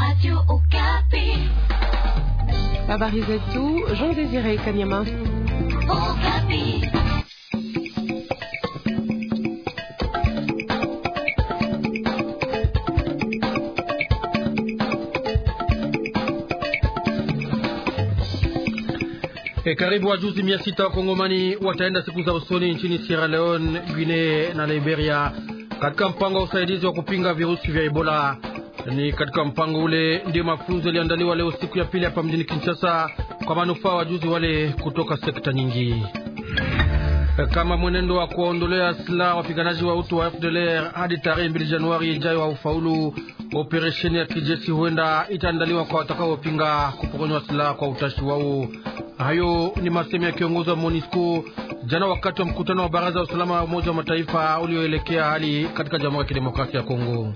Radio Habari Babarizetou, Jean Désiré Kanyama. E, karibu wajuzi mia sita Kongomani wataenda siku za usoni nchini Sierra Leone, Guinée na Liberia katika mpango wa usaidizi kupinga virusi vya Ebola. Ni katika mpango ule ndio mafunzo yaliandaliwa leo siku ya pili hapa mjini Kinshasa kwa manufaa wajuzi wale kutoka sekta nyingi kama mwenendo wa kuwaondolea silaha wapiganaji wa utu wa FDLR hadi tarehe 2 Januari ijayo ufaulu operesheni ya kijeshi huenda itaandaliwa kwa watakaopinga kupokonywa silaha kwa utashi wao. Hayo ni masemi ya kiongozi wa MONUSCO jana wakati wa mkutano wa baraza la usalama wa Umoja wa Mataifa ulioelekea hali katika Jamhuri ya Kidemokrasia ya Kongo.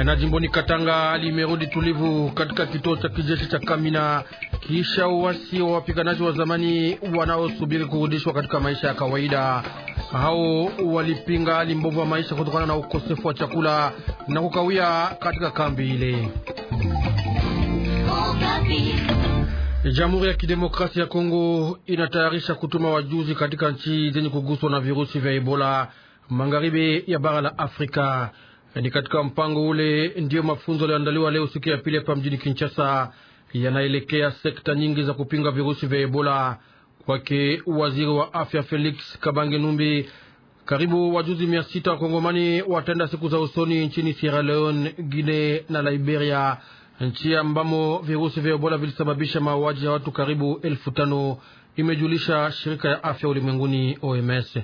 Eh, na jimboni Katanga limerudi tulivu katika kituo cha kijeshi cha Kamina kisha uasi wa wapiganaji wa zamani wanaosubiri kurudishwa katika maisha ya kawaida. Hao walipinga hali mbovu wa maisha kutokana na ukosefu wa chakula na kukawia katika kambi ile. Jamhuri ya Kidemokrasia ya Kongo inatayarisha kutuma wajuzi katika nchi zenye kuguswa na virusi vya Ebola magharibi ya bara la Afrika. Ni katika mpango ule ndiyo mafunzo yaliyoandaliwa leo siku ya pili hapa mjini Kinshasa, yanaelekea sekta nyingi za kupinga virusi vya Ebola. Kwake waziri wa afya Felix Kabange Numbi, karibu wajuzi mia sita wakongomani wataenda siku za usoni nchini Sierra Leone, Guinea na Liberia, nchi ambamo virusi vya Ebola vilisababisha mauaji ya watu karibu elfu tano, imejulisha shirika ya afya ulimwenguni OMS.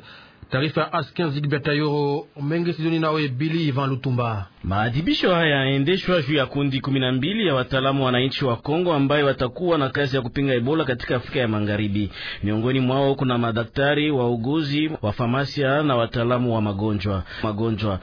Taarifa ya Askin Zigbetayoro mengi sizoni nawe Bili Ivan Lutumba. Maadhibisho haya yaendeshwa juu ya kundi kumi na mbili ya wataalamu wananchi wa Kongo ambayo watakuwa na kazi ya kupinga Ebola katika Afrika ya Magharibi. Miongoni mwao kuna madaktari, wauguzi, wafamasia na wataalamu wa magonjwa magonjwa.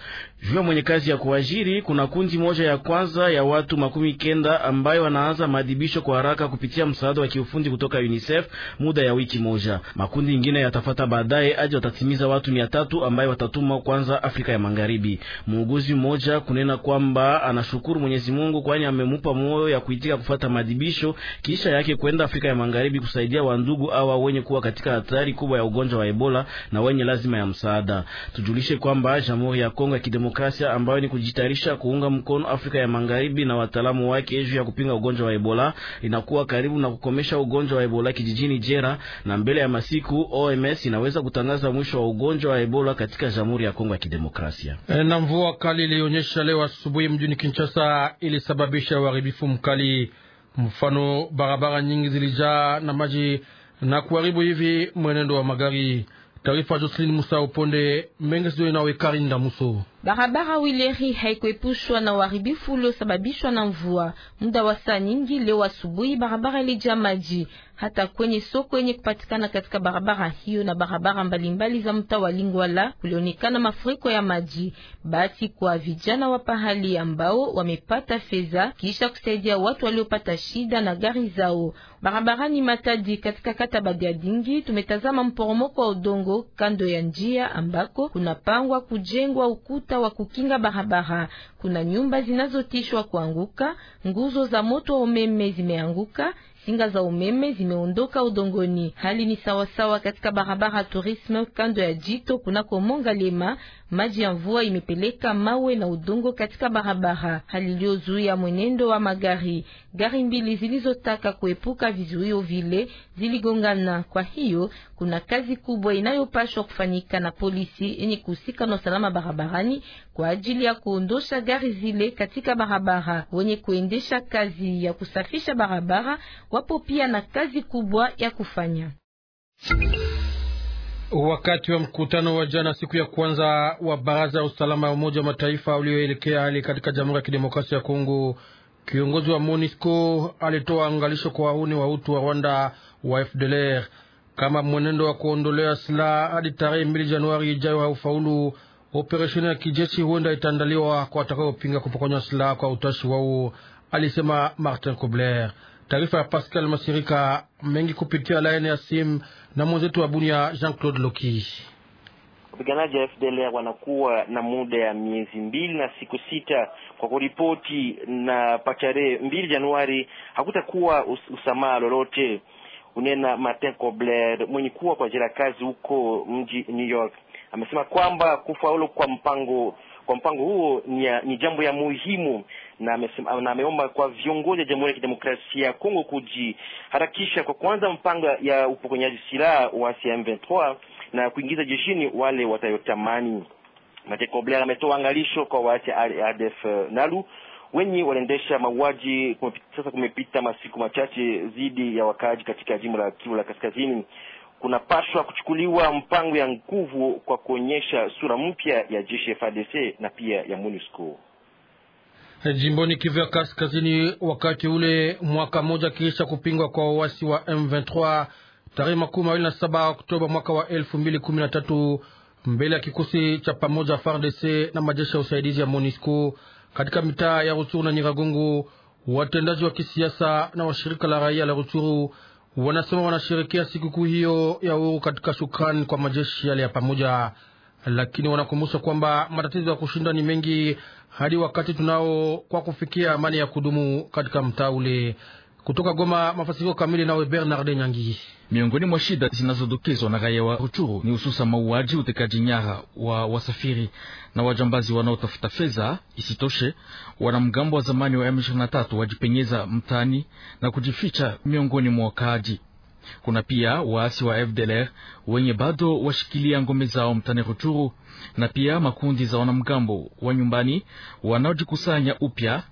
Juu ya mwenye kazi ya kuajiri, kuna kundi moja ya kwanza ya watu makumi kenda ambayo wanaanza maadhibisho kwa haraka kupitia msaada wa kiufundi kutoka UNICEF muda ya wiki moja. Makundi mengine yatafata baadaye, aje watatimiza watu mia tatu ambayo watatumwa kwanza Afrika ya Magharibi. Muuguzi mmoja kunena kwamba anashukuru Mwenyezi Mungu kwani amemupa moyo ya kuitika kufata madhibisho kisha yake kwenda Afrika ya Magharibi kusaidia wandugu awa wenye kuwa katika hatari kubwa ya ugonjwa wa Ebola na wenye lazima ya msaada. Tujulishe kwamba Jamhuri ya Kongo ya Kidemokrasia ambayo ni kujitayarisha kuunga mkono Afrika ya Magharibi na wataalamu wake juu ya kupinga ugonjwa wa Ebola inakuwa karibu na kukomesha ugonjwa wa Ebola kijijini Jera, na mbele ya masiku OMS inaweza kutangaza mwisho wa ugonjwa wa Ebola katika Jamhuri ya Kongo ya Kidemokrasia. E, na mvua kali ilionyesha leo asubuhi mjini Kinshasa ilisababisha uharibifu mkali. Mfano, barabara nyingi zilijaa na maji na kuharibu hivi mwenendo wa magari. Taarifa Jocelyn Musa Uponde Mengesido inawekarinda muso Barabara Wileri haikuepushwa na uharibifu uliosababishwa na mvua. Muda wa saa nyingi leo asubuhi, barabara ilijaa maji hata kwenye soko yenye kupatikana katika barabara hiyo na barabara mbalimbali za mtaa wa Lingwala kulionekana mafuriko ya maji. Basi kwa vijana wa pahali ambao wamepata fedha kisha kusaidia watu waliopata shida na gari zao. Barabarani Matadi katika kata Badia Dingi tumetazama mporomoko wa udongo kando ya njia ambako kunapangwa kujengwa ukuta ukuta wa kukinga barabara. Kuna nyumba zinazotishwa kuanguka, nguzo za moto wa umeme zimeanguka singa za umeme zimeondoka udongoni. Hali ni sawasawa katika barabara Tourisme kando ya Jito kunako Mongalema, maji ya mvua imepeleka mawe na udongo katika barabara, hali iliyozuia mwenendo wa magari. Gari mbili zilizotaka kuepuka vizuio vile ziligongana. Kwa hiyo kuna kazi kubwa inayopashwa kufanyika na polisi yenye kuhusika na usalama barabarani kwa ajili ya kuondosha gari zile katika barabara. Wenye kuendesha kazi ya kusafisha barabara wapo pia na kazi kubwa ya kufanya. Wakati wa mkutano wa jana siku ya kwanza wa baraza ya usalama ya Umoja wa Mataifa ulioelekea hali katika Jamhuri ya Kidemokrasia ya Kongo, kiongozi wa MONUSCO alitoa angalisho kwa wahuni wa Hutu wa Rwanda wa FDLR kama mwenendo wa kuondolea silaha hadi tarehe mbili Januari ijayo haufaulu, operesheni ya kijeshi huenda itaandaliwa kwa watakaopinga kupokonywa silaha kwa utashi wao, alisema Martin Kobler. Taarifa ya Pascal Masirika mengi kupitia laini ya simu na mwenzetu wa Bunia Jean-Claude Loki. Wapiganaji wa FDLR wanakuwa na muda ya miezi mbili na siku sita kwa kuripoti, na patare mbili Januari hakutakuwa us usamaha lolote, unena Martin Kobler mwenye kuwa kwa jela kazi huko mji New York amesema kwamba kufaulu kwa mpango kwa mpango huo ni, ni jambo ya muhimu na ameomba na kwa viongozi wa Jamhuri ya Kidemokrasia ya Kongo kujiharakisha kwa kuanza mpango ya upokonyaji silaha wa M23 na kuingiza jeshini wale watayotamani. Mathieu Kobler ametoa angalisho kwa waasi ADF Nalu wenye waliendesha mauaji sasa kumepita masiku machache dhidi ya wakaaji katika jimbo la Kivu la Kaskazini. Kunapashwa kuchukuliwa mpango ya nguvu kwa kuonyesha sura mpya ya jeshi FARDC na pia ya MONUSCO jimboni Kivu ya Kaskazini. Wakati ule mwaka mmoja kisha kupingwa kwa uasi wa M23 tarehe makumi mawili na saba Oktoba mwaka wa elfu mbili kumi na tatu mbele ya kikosi cha pamoja FARDC na majeshi ya usaidizi ya MONUSCO katika mitaa ya Ruchuru na Nyiragongo, watendaji wa kisiasa na washirika la raia la Ruchuru wanasema wanasherekea sikukuu hiyo ya uhuru katika shukrani kwa majeshi yale ya pamoja lakini wanakumbusha kwamba matatizo ya kushindwa ni mengi hadi wakati tunao kwa kufikia amani ya kudumu katika mtaa ule. Kutoka Goma, mafasirio kamili nawe Bernard Nyangi. Miongoni mwa shida zinazodokezwa na raia wa Ruchuru ni hususa mauaji, utekaji nyara wa wasafiri na wajambazi wanaotafuta fedha. Isitoshe, wanamgambo wa zamani wa M23 wajipenyeza mtaani na kujificha miongoni mwa wakaaji. Kuna pia waasi wa FDLR wenye bado washikilia ngome zao mtani Ruchuru na pia makundi za wanamgambo wa nyumbani wanaojikusanya upya.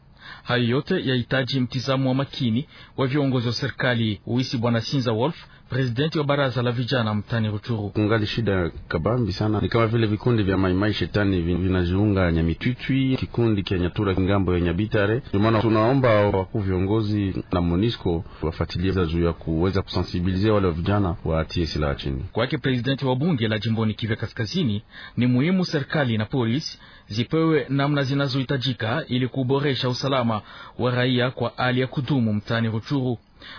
Hayo yote yahitaji mtizamo wa makini wa viongozi wa serikali, uisi Bwana Sinza Wolf Presidenti wa baraza la vijana mtani Ruchuru. Kungali shida kabambi sana, ni kama vile vikundi vya maimai shetani vinajiunga Nyamitwitwi, kikundi kya Nyatura ngambo ya Nyabitare. Ndio maana tunaomba wakuu viongozi na Monisco wafuatilie juu ya kuweza kusensibilizia wale wa vijana waatie silaha chini. Kwake presidenti wa bunge la jimboni kivya Kaskazini, ni muhimu serikali na polisi zipewe namna zinazohitajika ili kuboresha usalama wa raia kwa hali ya kudumu mtani Ruchuru.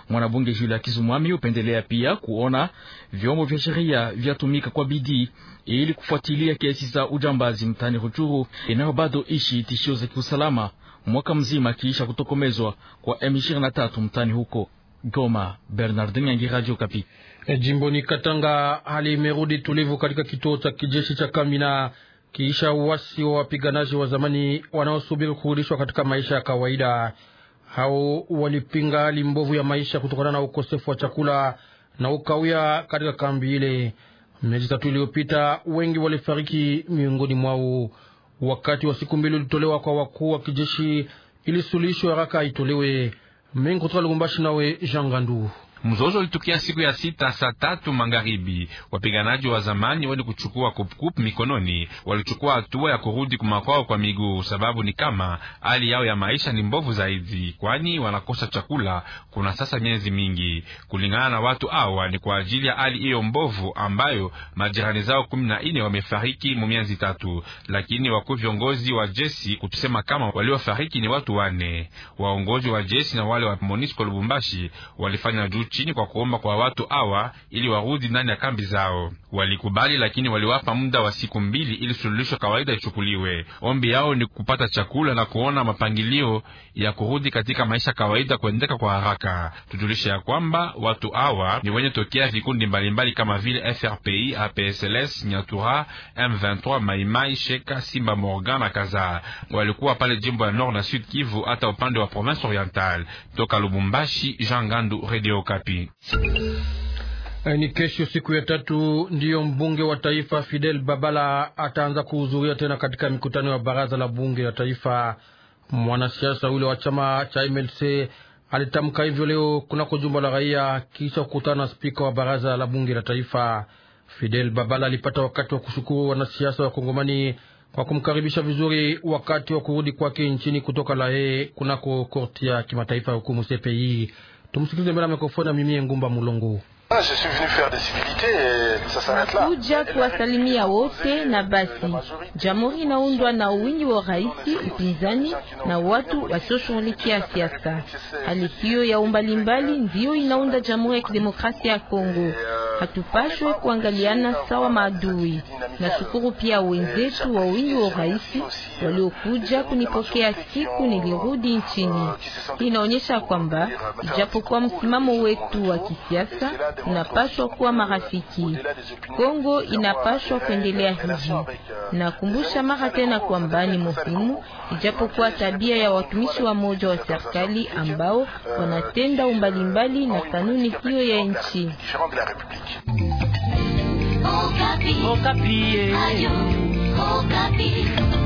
Mwanabunge Julia Kizumwami upendelea pia kuona vyombo vya sheria vyatumika kwa bidii ili kufuatilia kesi za ujambazi mtani Ruchuru inayo bado ishi tishio za kiusalama mwaka mzima kiisha kutokomezwa kwa M23 mtani huko Goma. Bernard Nyangi, Radio Kapi. E, Jimboni Katanga, hali imerudi tulivu katika kituo cha kijeshi cha Kamina kiisha uwasi wa wapiganaji wa zamani wanaosubiri kurudishwa katika maisha ya kawaida hao walipinga hali mbovu ya maisha kutokana na ukosefu wa chakula na ukawia katika kambi ile. Miezi tatu iliyopita, wengi walifariki miongoni mwao. Wakati wa siku mbili ulitolewa kwa wakuu wa kijeshi ili suluhisho haraka itolewe. Mengi kutoka Lubumbashi, nawe Jean Gandu. Mzozo ulitukia siku ya sita saa tatu magharibi. Wapiganaji wa zamani wenye kuchukua kupkup mikononi walichukua hatua ya kurudi kumakwao kwa miguu, sababu ni kama hali yao ya maisha ni mbovu zaidi, kwani wanakosa chakula kuna sasa miezi mingi. Kulingana na watu hawa, ni kwa ajili ya hali hiyo mbovu ambayo majirani zao kumi na nne wamefariki mu miezi tatu, lakini wakuu viongozi wa jeshi kutusema kama waliofariki ni watu wane. Waongozi wa jeshi na wale wa MONUSCO Lubumbashi walifanya juu chini kwa kuomba kwa watu hawa ili warudi ndani ya kambi zao. Walikubali, lakini waliwapa muda wa siku mbili ili suluhisho kawaida ichukuliwe. Ombi yao ni kupata chakula na kuona mapangilio ya kurudi katika maisha kawaida kuendeka kwa haraka. Tujulishe ya kwamba watu hawa ni wenye tokea vikundi mbalimbali kama vile FRPI, APSLS, Nyatura, M23, Maimai, Sheka, Simba Morgan na kadhaa. Walikuwa pale jimbo ya Nord na Sud Kivu hata upande wa Province Orientale. Toka Lubumbashi, Jean Gandu, Radio Okapi. Okapi. Eh, ni kesho siku ya tatu ndiyo mbunge wa taifa Fidel Babala ataanza kuhudhuria tena katika mikutano ya baraza la bunge la taifa. Mwanasiasa ule wa chama cha MLC alitamka hivyo leo kunako jumba la raia kisha kukutana na spika wa baraza la bunge la taifa. Fidel Babala alipata wakati wa kushukuru wanasiasa wa Kongomani kwa kumkaribisha vizuri wakati wa kurudi kwake nchini kutoka Lae kunako korti ya kimataifa ya hukumu CPI. Tumsikilize mbele ya mikrofoni Ngumba Mulongo. Ah, Kuja kuwasalimia wote na basi, jamhuri inaundwa na uwingi wa raisi, upinzani na watu wasioshughulikia siasa. Hali hiyo ya umbalimbali ndiyo inaunda jamhuri ya kidemokrasia ya Kongo. Euh, Hatupashwe kuangaliana sawa maadui. Nashukuru pia wenzetu wa wingi wa urais waliokuja kunipokea siku nilirudi nchini. Inaonyesha kwamba ijapokuwa msimamo wetu wa kisiasa tunapaswa kuwa marafiki, Kongo inapaswa kuendelea hivi. Nakumbusha mara tena kwamba ni muhimu, ijapokuwa tabia ya watumishi wa moja wa serikali ambao wanatenda umbalimbali na kanuni hiyo ya nchi. Okapi. Okapi. Eh.